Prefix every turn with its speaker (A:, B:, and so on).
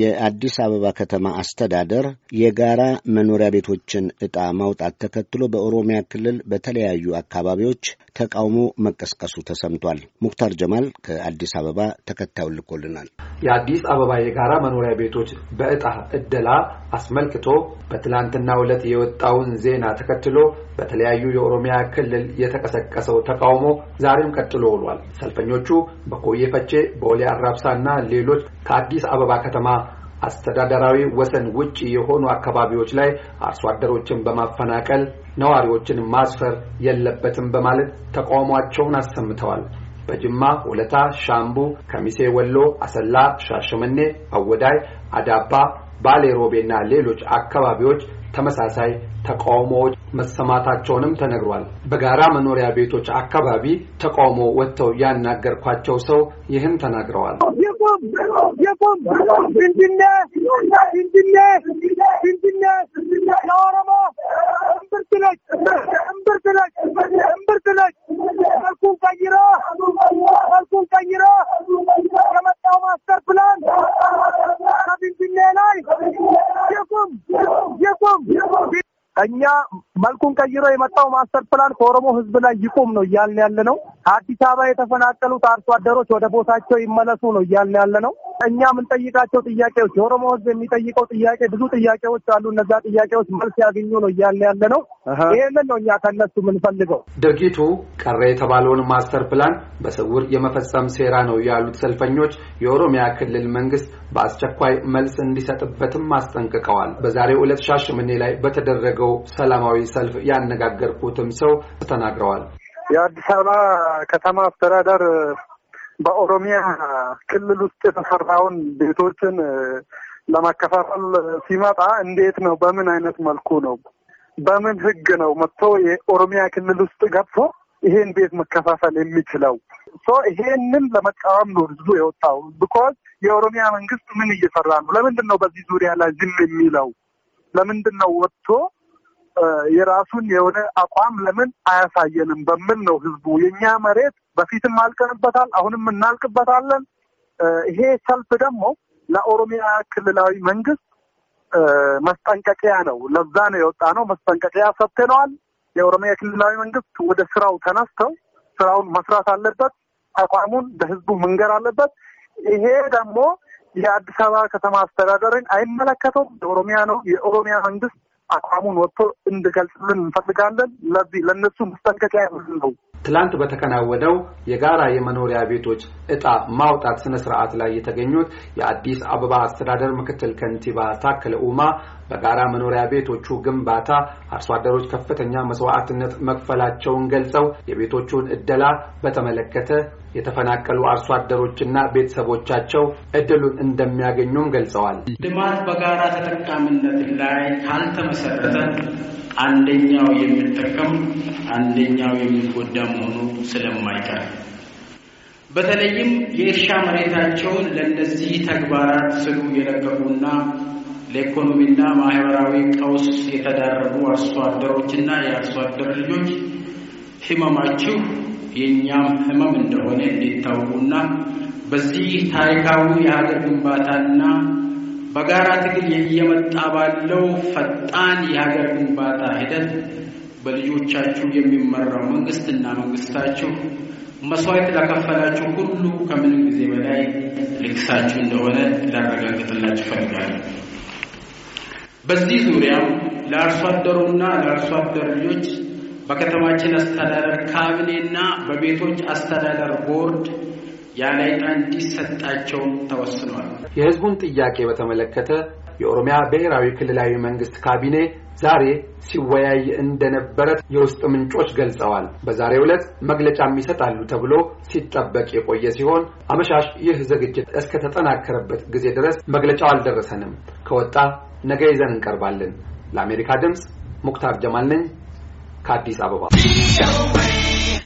A: የአዲስ አበባ ከተማ አስተዳደር የጋራ መኖሪያ ቤቶችን ዕጣ ማውጣት ተከትሎ በኦሮሚያ ክልል በተለያዩ አካባቢዎች ተቃውሞ መቀስቀሱ ተሰምቷል። ሙክታር ጀማል ከአዲስ አበባ ተከታዩን ልኮልናል።
B: የአዲስ አበባ የጋራ መኖሪያ ቤቶች በዕጣ ዕደላ አስመልክቶ በትላንትና ዕለት የወጣውን ዜና ተከትሎ በተለያዩ የኦሮሚያ ክልል የተቀሰቀሰው ተቃውሞ ዛሬም ቀጥሎ ውሏል። ሰልፈኞቹ በኮዬ ፈቼ፣ በወሌ አራብሳ እና ሌሎች ከአዲስ አበባ ከተማ አስተዳደራዊ ወሰን ውጭ የሆኑ አካባቢዎች ላይ አርሶ አደሮችን በማፈናቀል ነዋሪዎችን ማስፈር የለበትም በማለት ተቃውሟቸውን አሰምተዋል። በጅማ፣ ሆለታ፣ ሻምቡ፣ ከሚሴ፣ ወሎ፣ አሰላ፣ ሻሸመኔ፣ አወዳይ፣ አዳባ ባሌሮቤና ሌሎች አካባቢዎች ተመሳሳይ ተቃውሞዎች መሰማታቸውንም ተነግሯል። በጋራ መኖሪያ ቤቶች አካባቢ ተቃውሞ ወጥተው ያናገርኳቸው ሰው ይህን ተናግረዋል።
C: እምብርት ነች እምብርት ነች እኛ መልኩን ቀይሮ የመጣው ማስተር ፕላን ከኦሮሞ ህዝብ ላይ ይቁም ነው እያልን ያለ ነው። አዲስ አበባ የተፈናቀሉት አርሶ አደሮች ወደ ቦታቸው ይመለሱ ነው እያልን ያለ ነው። እኛ የምንጠይቃቸው ጥያቄዎች የኦሮሞ ህዝብ የሚጠይቀው ጥያቄ ብዙ ጥያቄዎች አሉ። እነዛ ጥያቄዎች መልስ ያገኙ ነው እያለ ያለ ነው። ይህንን ነው እኛ ከነሱ የምንፈልገው።
B: ድርጊቱ ቀረ የተባለውን ማስተር ፕላን በስውር የመፈጸም ሴራ ነው ያሉት ሰልፈኞች የኦሮሚያ ክልል መንግስት በአስቸኳይ መልስ እንዲሰጥበትም አስጠንቅቀዋል። በዛሬው ዕለት ሻሸመኔ ላይ በተደረገው ሰላማዊ ሰልፍ ያነጋገርኩትም ሰው ተናግረዋል።
C: የአዲስ አበባ ከተማ አስተዳደር በኦሮሚያ ክልል ውስጥ የተሰራውን ቤቶችን ለማከፋፈል ሲመጣ እንዴት ነው? በምን አይነት መልኩ ነው? በምን ህግ ነው መጥቶ የኦሮሚያ ክልል ውስጥ ገብቶ ይሄን ቤት መከፋፈል የሚችለው? ሶ ይሄንን ለመቃወም ነው ህዝቡ የወጣው። ቢኮዝ የኦሮሚያ መንግስት ምን እየሰራ ነው? ለምንድን ነው በዚህ ዙሪያ ላይ ዝም የሚለው? ለምንድን ነው ወጥቶ የራሱን የሆነ አቋም ለምን አያሳየንም በሚል ነው ህዝቡ። የእኛ መሬት በፊትም አልቀንበታል፣ አሁንም እናልቅበታለን። ይሄ ሰልፍ ደግሞ ለኦሮሚያ ክልላዊ መንግስት መስጠንቀቂያ ነው። ለዛ ነው የወጣ ነው። መስጠንቀቂያ ሰጥተነዋል። የኦሮሚያ ክልላዊ መንግስት ወደ ስራው ተነስተው ስራውን መስራት አለበት። አቋሙን በህዝቡ መንገር አለበት። ይሄ ደግሞ የአዲስ አበባ ከተማ አስተዳደርን አይመለከተውም። የኦሮሚያ ነው። የኦሮሚያ መንግስት አቋሙን ወጥቶ እንድገልጽልን እንፈልጋለን። ለዚህ ለእነሱ መስጠንቀቂያ ነው።
B: ትላንት በተከናወነው የጋራ የመኖሪያ ቤቶች እጣ ማውጣት ስነ ስርዓት ላይ የተገኙት የአዲስ አበባ አስተዳደር ምክትል ከንቲባ ታከለ ኡማ በጋራ መኖሪያ ቤቶቹ ግንባታ አርሶ አደሮች ከፍተኛ መስዋዕትነት መክፈላቸውን ገልጸው የቤቶቹን እደላ በተመለከተ የተፈናቀሉ አርሶ አደሮችና ቤተሰቦቻቸው እድሉን እንደሚያገኙም ገልጸዋል።
A: ልማት በጋራ ተጠቃሚነት ላይ ካልተመ ከተመሰረተ አንደኛው የሚጠቀም አንደኛው የሚጎዳ መሆኑ ስለማይቀር በተለይም የእርሻ መሬታቸውን ለእነዚህ ተግባራት ስሉ የለቀቁና ለኢኮኖሚና ማህበራዊ ቀውስ የተዳረጉ አርሶ አደሮችና የአርሶ አደር ልጆች ህመማችሁ የእኛም ህመም እንደሆነ እንዲታወቁና በዚህ ታሪካዊ የሀገር ግንባታና በጋራ ትግል እየመጣ ባለው ፈጣን የሀገር ግንባታ ሂደት በልጆቻችሁ የሚመራው መንግስትና መንግስታችሁ መስዋዕት ለከፈላችሁ ሁሉ ከምንም ጊዜ በላይ ልክሳችሁ እንደሆነ ላረጋግጥላችሁ ፈልጋለሁ። በዚህ ዙሪያ ለአርሶ አደሩና ለአርሶ አደር ልጆች በከተማችን አስተዳደር ካቢኔና በቤቶች አስተዳደር ቦርድ ያ ላይ እንዲሰጣቸው ተወስኗል።
B: የህዝቡን ጥያቄ በተመለከተ የኦሮሚያ ብሔራዊ ክልላዊ መንግስት ካቢኔ ዛሬ ሲወያይ እንደነበረ የውስጥ ምንጮች ገልጸዋል። በዛሬው ዕለት መግለጫም ይሰጣሉ ተብሎ ሲጠበቅ የቆየ ሲሆን አመሻሽ ይህ ዝግጅት እስከተጠናከረበት ጊዜ ድረስ መግለጫው አልደረሰንም። ከወጣ ነገ ይዘን እንቀርባለን። ለአሜሪካ ድምፅ ሙክታር ጀማል ነኝ ከአዲስ አበባ